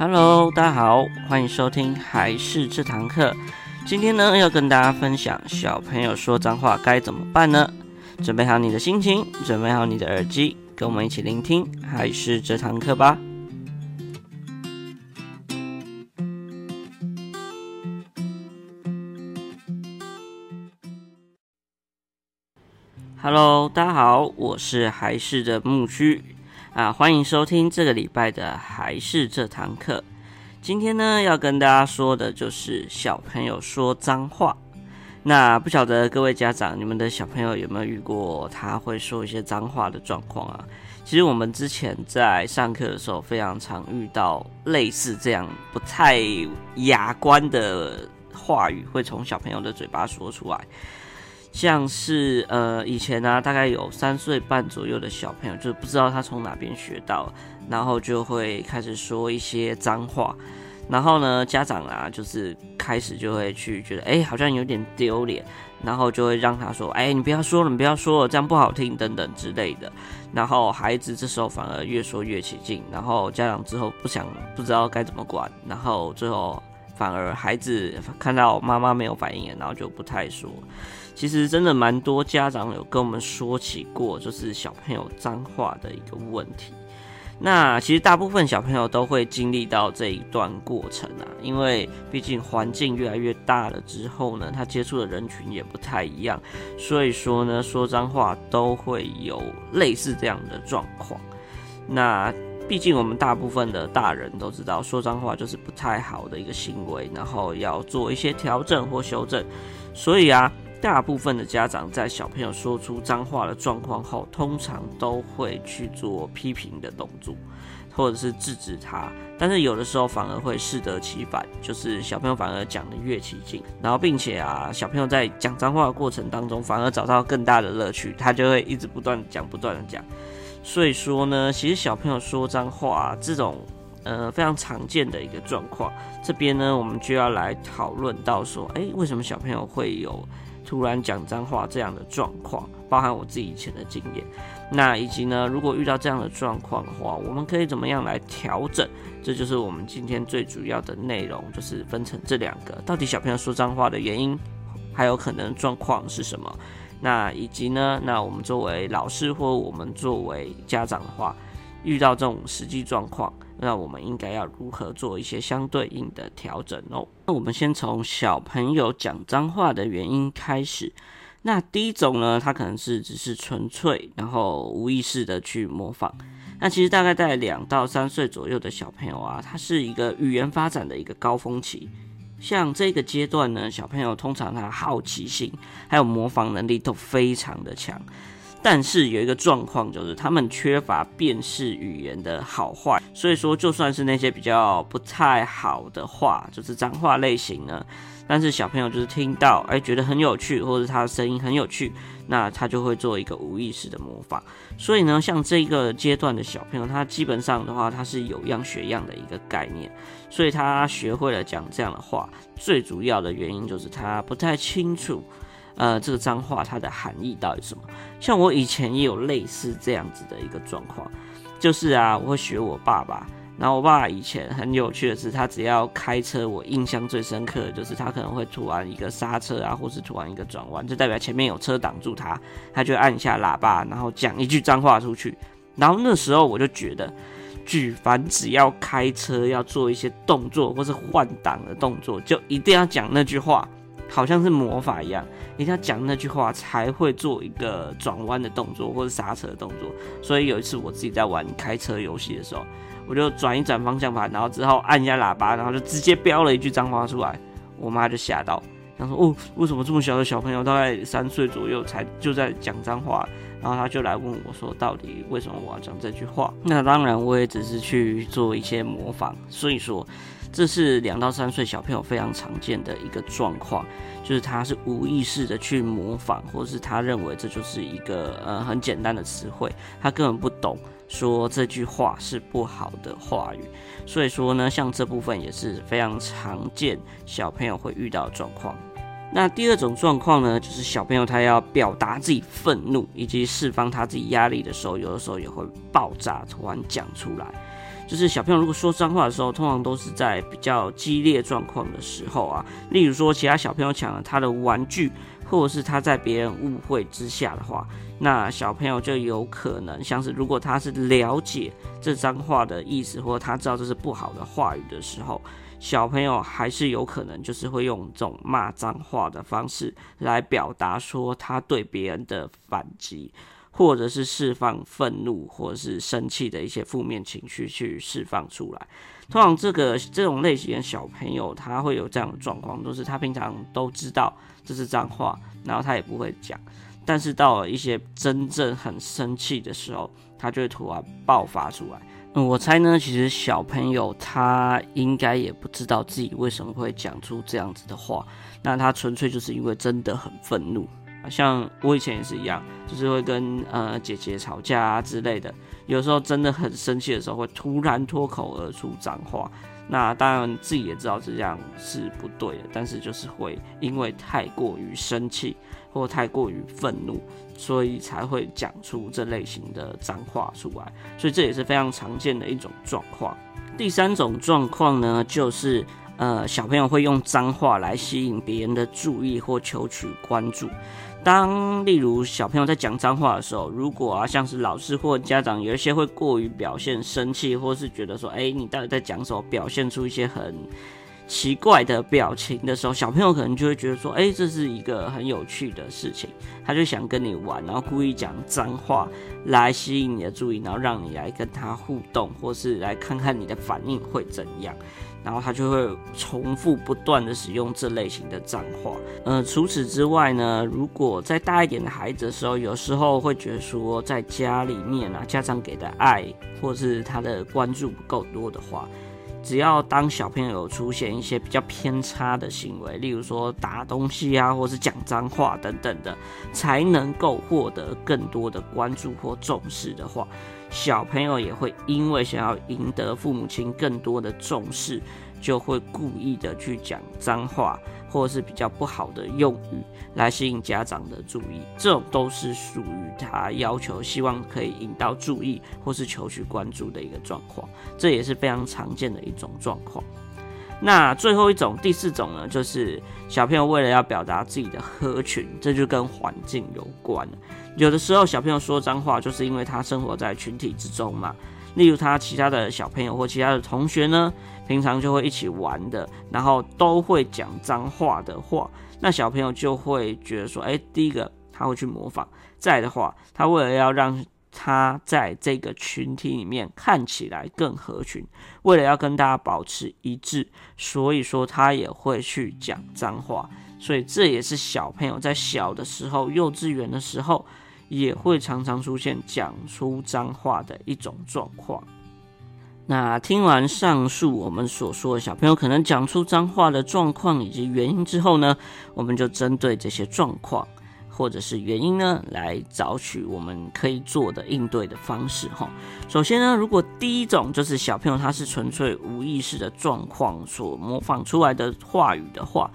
Hello，大家好，歡迎收聽還是這堂課。今天呢，要跟大家分享小朋友說髒話該怎麼辦呢？準備好你的心情，準備好你的耳機，跟我們一起聆聽還是這堂課吧。Hello，大家好，我是還是的牧區。啊，歡迎收聽這個禮拜的還是這堂課。今天呢，要跟大家說的，就是小朋友說髒話。那不曉得各位家長，你們的小朋友有沒有遇過他會說一些髒話的狀況啊？其實我們之前在上課的時候，非常常遇到類似這樣不太雅觀的話語，會從小朋友的嘴巴說出來。像是呃、以前呢，啊，大概有三歲半左右的小朋友，就是不知道他從哪邊學到，然後就會開始說一些髒話，然後呢，家長啊就是開始就會去覺得，哎、欸，好像有點丟臉，然後就會讓他說，哎、欸，你不要說了，你不要說了，這樣不好聽等等之類的，然後孩子這時候反而越說越起勁，然後家長之後不想不知道該怎麼管，然後最後反而孩子看到媽媽沒有反應，然後就不太說。其實真的蠻多家長有跟我們說起過，就是小朋友髒話的一個問題。那其實大部分小朋友都會經歷到這一段過程啊，因為畢竟環境越來越大了之後呢，他接觸的人群也不太一樣，所以說呢，說髒話都會有類似這樣的狀況。那畢竟我們大部分的大人都知道，說髒話就是不太好的一個行為，然後要做一些調整或修正。所以啊。大部分的家長在小朋友說出髒話的狀況後，通常都會去做批評的動作，或者是制止他。但是有的時候反而會適得其反，就是小朋友反而講得越起勁，然後並且啊，小朋友在講髒話的過程當中，反而找到更大的樂趣，他就會一直不斷講，不斷的講。所以說呢，其實小朋友說髒話這種，呃，非常常見的一個狀況。這邊呢，我們就要來討論到說，誒、欸，為什麼小朋友會有？突然講髒話這樣的狀況，包含我自己以前的經驗，那以及呢，如果遇到這樣的狀況的話，我們可以怎麼樣來調整？這就是我們今天最主要的內容，就是分成這兩個：到底小朋友說髒話的原因，還有可能狀況是什麼？那以及呢，那我們作為老師或我們作為家長的話。遇到這種實際狀況，那我們應該要如何做一些相對應的調整哦？那我們先從小朋友講髒話的原因開始。那第一種呢，他可能是只是純粹然後無意識的去模仿。那其實大概在兩到三歲左右的小朋友啊，他是一個語言發展的一個高峰期。像這個階段呢，小朋友通常他的好奇心還有模仿能力都非常的強。但是有一個狀況，就是他們缺乏辨識語言的好壞，所以說就算是那些比較不太好的話，就是髒話類型呢，但是小朋友就是聽到、欸，誒覺得很有趣，或者他的聲音很有趣，那他就會做一個無意識的模仿。所以呢，像這個階段的小朋友，他基本上的話，他是有樣學樣的一個概念，所以他學會了講這樣的話，最主要的原因就是他不太清楚，呃，這個髒話它的含義到底什麼？像我以前也有類似這樣子的一個狀況，就是啊，我會學我爸爸。然後我爸爸以前很有趣的是，他只要開車，我印象最深刻的就是他可能會突然一個剎車啊，或是突然一個轉彎，就代表前面有車擋住他，他就按一下喇叭，然後講一句髒話出去。然後那時候我就覺得，舉凡只要開車要做一些動作，或是換擋的動作，就一定要講那句話。好像是魔法一樣，一定要講那句話才會做一個轉彎的動作或者剎車的動作。所以有一次我自己在玩開車遊戲的時候，我就轉一轉方向盤，然後之後按一下喇叭，然後就直接飆了一句髒話出來。我媽就嚇到，她說：“哦，為什麼這麼小的小朋友，大概三歲左右才就在講髒話？”然後她就來問我，說：“到底為什麼我要講這句話？”那當然，我也只是去做一些模仿，所以說。這是兩到三歲小朋友非常常見的一個狀況，就是他是無意識的去模仿，或者是他認為這就是一個呃很簡單的詞彙，他根本不懂說這句話是不好的話語。所以說呢，像這部分也是非常常見小朋友會遇到的狀況。那第二種狀況呢，就是小朋友他要表達自己憤怒，以及釋放他自己壓力的時候，有的時候也會爆炸，突然講出來。就是小朋友如果說髒話的時候，通常都是在比較激烈狀況的時候啊，例如說其他小朋友搶了他的玩具，或者是他在別人誤會之下的話，那小朋友就有可能像是如果他是了解這髒話的意思，或者他知道這是不好的話語的時候，小朋友還是有可能就是會用這種罵髒話的方式來表達說他對別人的反擊。或者是釋放憤怒，或者是生氣的一些負面情緒去釋放出來。通常這個這種類型的小朋友，他會有這樣的狀況，就是他平常都知道這是髒話，然後他也不會講。但是到了一些真正很生氣的時候，他就會突然爆發出來。嗯，我猜呢，其實小朋友他應該也不知道自己為什麼會講出這樣子的話，那他純粹就是因為真的很憤怒。像我以前也是一樣，就是會跟呃姐姐吵架啊之類的，有時候真的很生氣的時候，會突然脫口而出髒話。那當然自己也知道這樣是不對的，但是就是會因為太過於生氣或太過於憤怒，所以才會講出這類型的髒話出來。所以這也是非常常見的一種狀況。第三種狀況呢，就是。呃，小朋友會用髒話來吸引別人的注意或求取關注。當例如小朋友在講髒話的時候，如果啊像是老師或家長有一些會過於表現生氣，或是覺得說，欸，你到底在講什麼？表現出一些很奇怪的表情的時候，小朋友可能就會覺得說，欸，這是一個很有趣的事情，他就想跟你玩，然後故意講髒話來吸引你的注意，然後讓你來跟他互動，或是來看看你的反應會怎樣。然後他就會重複不斷的使用這類型的髒話。呃，除此之外呢，如果再大一點的孩子的時候，有時候會覺得說，在家裡面啊，家長給的愛或是他的關注不夠多的話。只要當小朋友有出現一些比較偏差的行為，例如說打東西啊，或是講髒話等等的，才能夠獲得更多的關注或重視的話，小朋友也會因為想要贏得父母親更多的重視，就會故意的去講髒話。或者是比較不好的用語來吸引家長的注意，這種都是屬於他要求希望可以引到注意，或是求取關注的一個狀況，這也是非常常見的一種狀況。那最後一種，第四種呢，就是小朋友為了要表達自己的合群，這就跟環境有關了。有的時候，小朋友說髒話，就是因為他生活在群體之中嘛。例如他其他的小朋友或其他的同學呢，平常就會一起玩的，然後都會講髒話的話，那小朋友就會覺得說，哎、欸，第一個他會去模仿，再的話，他為了要讓他在這個群體裡面看起來更合群，為了要跟大家保持一致，所以說他也會去講髒話，所以這也是小朋友在小的時候，幼稚園的時候。也會常常出現講出髒話的一種狀況。那聽完上述我們所說的小朋友可能講出髒話的狀況以及原因之後呢，我們就針對這些狀況或者是原因呢，來找取我們可以做的應對的方式哈。首先呢，如果第一種就是小朋友他是純粹無意識的狀況所模仿出來的話語的話，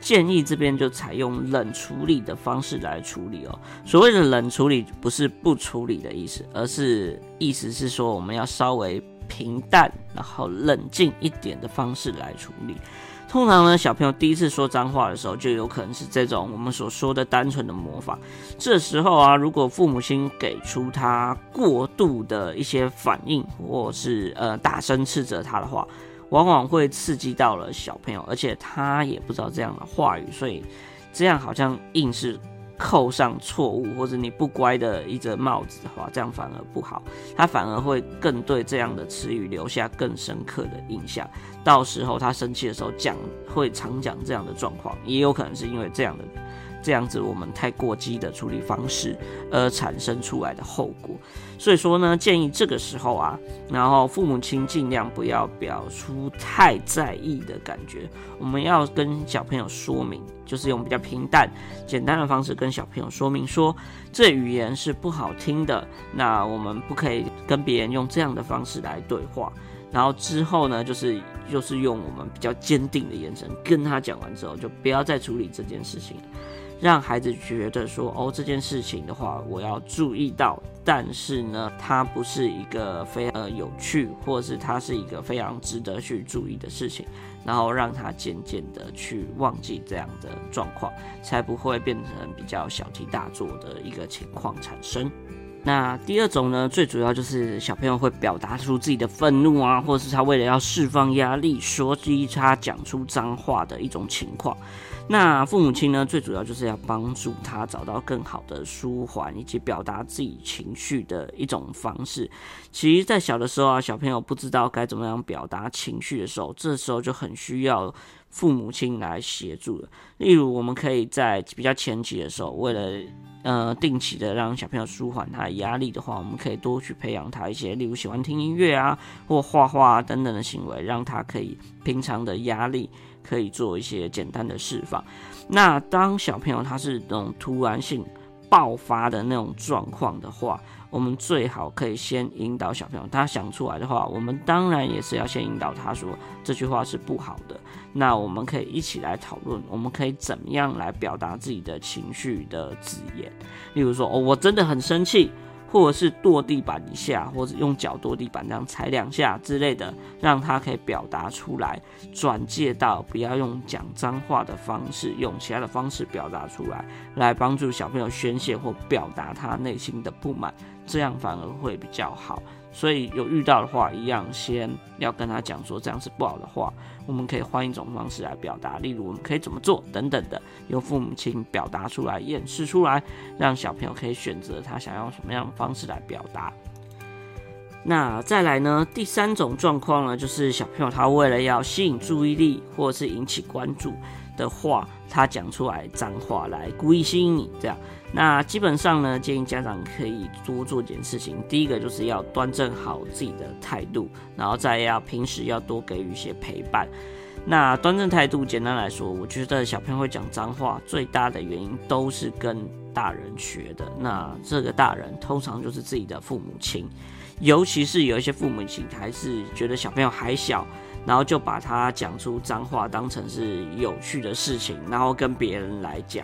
建議這邊就採用冷處理的方式來處理哦、喔。所謂的冷處理，不是不處理的意思，而是意思是說我們要稍微平淡，然後冷靜一點的方式來處理。通常呢，小朋友第一次說髒話的時候，就有可能是這種我們所說的單純的模仿。這時候啊，如果父母親給出他過度的一些反應，或是呃大聲斥責他的話，往往會刺激到了小朋友，而且他也不知道這樣的話語，所以這樣好像硬是扣上錯誤或者你不乖的一只帽子的話，這樣反而不好，他反而會更對這樣的詞語留下更深刻的印象，到時候他生氣的時候講會常講這樣的狀況，也有可能是因為這樣的。這樣子我們太過激的處理方式，而產生出來的後果。所以說呢，建議這個時候啊，然後父母親盡量不要表出太在意的感覺。我們要跟小朋友說明，就是用比較平淡、簡單的方式跟小朋友說明說，這語言是不好聽的。那我們不可以跟別人用這樣的方式來對話。然後之後呢，就是就是用我們比較堅定的眼神跟他講完之後，就不要再處理這件事情。讓孩子覺得說，哦，這件事情的話我要注意到，但是呢，它不是一個非常有趣，或者是它是一個非常值得去注意的事情，然後讓他漸漸的去忘記這樣的狀況，才不會變成比較小題大做的一個情況產生。那第二種呢，最主要就是小朋友會表達出自己的憤怒啊，或者是他為了要釋放壓力，所以他講出髒話的一種情況。那父母親呢，最主要就是要幫助他找到更好的舒緩以及表達自己情緒的一種方式。其實，在小的時候啊，小朋友不知道該怎麼樣表達情緒的時候，這時候就很需要父母親來協助了。例如，我們可以在比較前期的時候，為了呃定期的讓小朋友舒緩他壓力的話，我們可以多去培養他一些，例如喜歡聽音樂啊，或畫畫啊，等等的行為，讓他可以平常的壓力。可以做一些簡單的釋放。那當小朋友他是那種突然性爆發的那種狀況的話，我們最好可以先引導小朋友，他想出來的話，我們當然也是要先引導他說，這句話是不好的。那我們可以一起來討論，我們可以怎麼樣來表達自己的情緒的字眼，例如說哦，我真的很生氣。或者是跺地板一下，或者用腳跺地板這樣踩兩下之類的，讓他可以表達出來，轉介到不要用講髒話的方式，用其他的方式表達出來，來幫助小朋友宣洩或表達他內心的不滿，這樣反而會比較好。所以有遇到的話，一樣先要跟他講說這樣是不好的話，我們可以換一種方式來表達，例如我們可以怎麼做等等的，由父母親表達出來、演示出來，讓小朋友可以選擇他想要什麼樣的方式來表達。那再來呢？第三種狀況呢，就是小朋友他為了要吸引注意力或者是引起關注。的話，他講出來髒話來，故意吸引你這樣。那基本上呢，建議家長可以多做一件事情。第一個就是要端正好自己的態度，然後再要平時要多給予一些陪伴。那端正態度，簡單來說，我覺得小朋友會講髒話最大的原因都是跟大人學的。那這個大人通常就是自己的父母親，尤其是有一些父母親還是覺得小朋友還小。然後就把他講出髒話當成是有趣的事情，然後跟別人來講，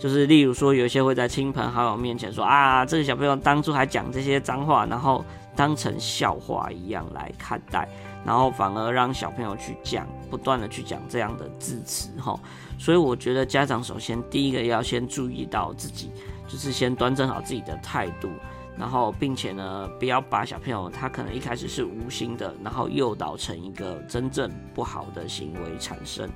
就是例如說有一些會在親朋好友面前說啊，這個小朋友當初還講這些髒話，然後當成笑話一樣來看待，然後反而讓小朋友去講，不斷的去講這樣的字詞哈，所以我覺得家長首先第一個要先注意到自己，就是先端正好自己的態度。然後，並且呢，不要把小朋友他可能一開始是無心的，然後誘導成一個真正不好的行為產生。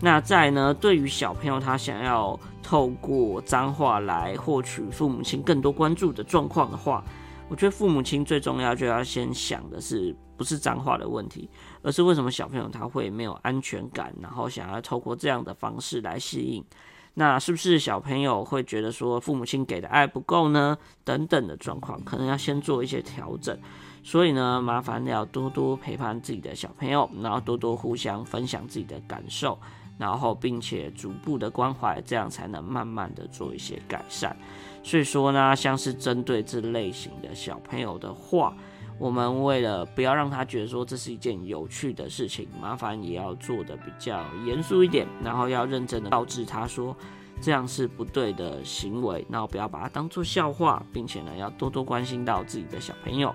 那再來呢，對於小朋友他想要透過髒話來獲取父母親更多關注的狀況的話，我覺得父母親最重要就要先想的是，不是髒話的問題，而是為什麼小朋友他會沒有安全感，然後想要透過這樣的方式來適應。那是不是小朋友會覺得說父母親給的愛不夠呢？等等的狀況，可能要先做一些調整。所以呢，麻煩要多多陪伴自己的小朋友，然後多多互相分享自己的感受，然後並且逐步的關懷，這樣才能慢慢的做一些改善。所以說呢，像是針對這類型的小朋友的話。我們為了不要讓他覺得說這是一件有趣的事情，麻煩也要做的比較嚴肅一點，然後要認真的告知他說，這樣是不對的行為，然後不要把它當做笑話，並且呢要多多關心到自己的小朋友。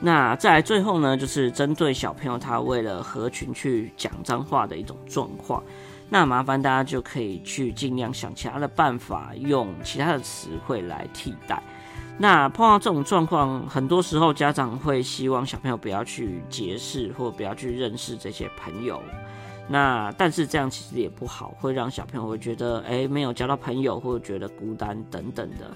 那在最後呢，就是針對小朋友他為了合群去講髒話的一種狀況，那麻煩大家就可以去盡量想其他的辦法，用其他的詞彙來替代。那碰到這種狀況，很多時候家長會希望小朋友不要去結識或不要去認識這些朋友。那但是這樣其實也不好，會讓小朋友會覺得，哎、欸，沒有交到朋友，或者覺得孤單等等的。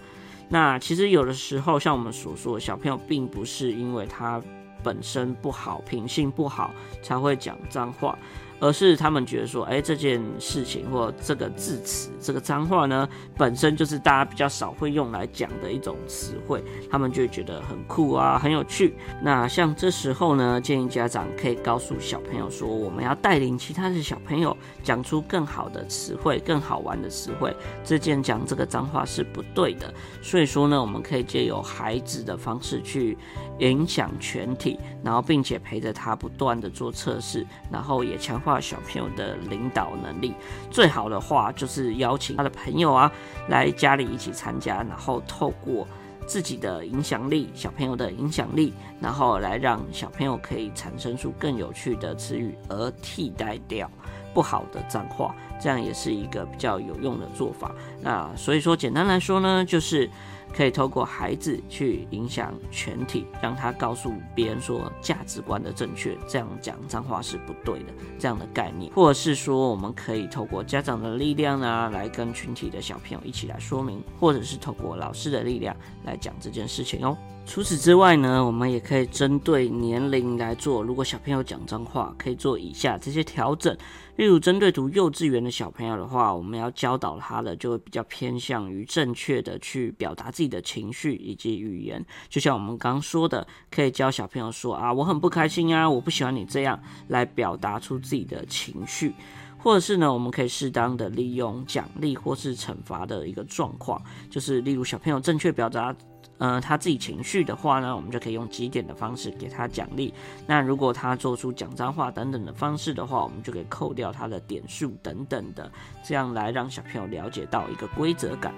那其實有的時候，像我們所說，小朋友並不是因為他本身不好，品性不好，才會講髒話。而是他們覺得說，誒、欸，這件事情或這個字詞、這個髒話呢，本身就是大家比較少會用來講的一種詞彙，他們就覺得很酷啊，很有趣。那像這時候呢，建議家長可以告訴小朋友說，我們要帶領其他的小朋友講出更好的詞彙、更好玩的詞彙。這件講這個髒話是不對的。所以說呢，我們可以借由孩子的方式去，影響全體，然後並且陪着他不斷的做測試，然後也強化小朋友的領導能力。最好的話就是邀請他的朋友啊來家裡一起參加，然後透過自己的影響力、小朋友的影響力，然後來讓小朋友可以產生出更有趣的詞語，而替代掉不好的髒話。這樣也是一個比較有用的做法。那所以說，簡單來說呢，就是。可以透過孩子去影響全體，讓他告訴別人說價值觀的正確，這樣講髒話是不對的，這樣的概念，或者是說我們可以透過家長的力量呢、啊，來跟群體的小朋友一起來說明，或者是透過老師的力量來講這件事情哦。除此之外呢，我們也可以針對年齡來做，如果小朋友講髒話，可以做以下這些調整。例如，針對讀幼稚園的小朋友的話，我們要教導他的，就會比較偏向於正確的去表達自己的情緒以及語言。就像我們剛剛說的，可以教小朋友說：“啊，我很不開心啊，我不喜歡你這樣。”來表達出自己的情緒，或者是呢，我們可以適當的利用獎勵或是懲罰的一個狀況，就是例如小朋友正確表達。呃，他自己情緒的話呢，我們就可以用集點的方式給他獎勵。那如果他做出講髒話等等的方式的話，我們就可以扣掉他的點數等等的，這樣來讓小朋友了解到一個規則感。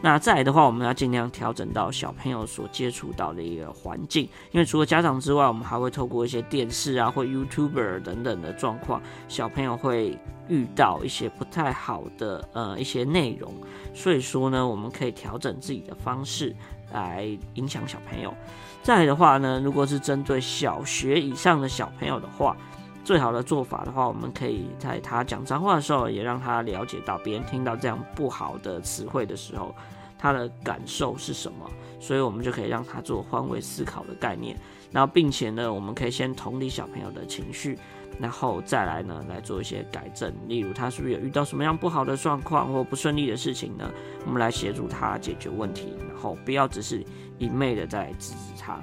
那再來的話，我們要盡量調整到小朋友所接觸到的一個環境，因為除了家長之外，我們還會透過一些電視啊或 YouTuber 等等的狀況，小朋友會遇到一些不太好的呃一些內容。所以說呢，我們可以調整自己的方式。來影響小朋友。再來的話呢，如果是針對小學以上的小朋友的話，最好的做法的話，我們可以在他講髒話的時候，也讓他了解到別人聽到這樣不好的詞彙的時候，他的感受是什麼。所以，我們就可以讓他做換位思考的概念，然後，並且呢，我們可以先同理小朋友的情緒，然後再來呢，來做一些改正。例如，他是不是有遇到什麼樣不好的狀況或不順利的事情呢？我們來協助他解決問題，然後不要只是一昧的在制止他。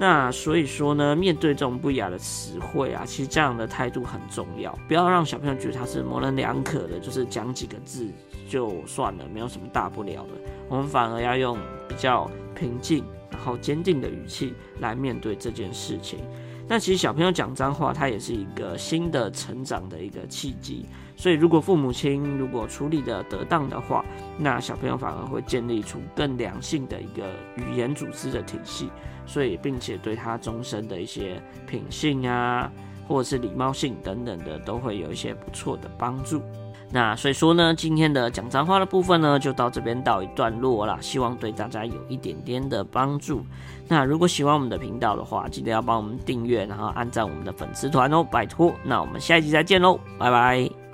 那所以說呢，面對這種不雅的詞彙啊，其實這樣的態度很重要，不要讓小朋友覺得他是模棱兩可的，就是講幾個字就算了，沒有什麼大不了的。我們反而要用比較平靜，然後堅定的語氣來面對這件事情。那其實小朋友講髒話，他也是一個新的成長的一個契機。所以，如果父母親如果處理得得當的話，那小朋友反而會建立出更良性的一個語言組織的體系。所以，並且對他終身的一些品性啊，或者是禮貌性等等的，都會有一些不錯的幫助。那所以說呢，今天的講髒話的部分呢，就到這邊告一段落啦。希望對大家有一點點的幫助。那如果喜歡我們的頻道的話，記得要幫我們訂閱，然後按讚我們的粉絲團哦，拜託。那我們下一集再見嘍，拜拜。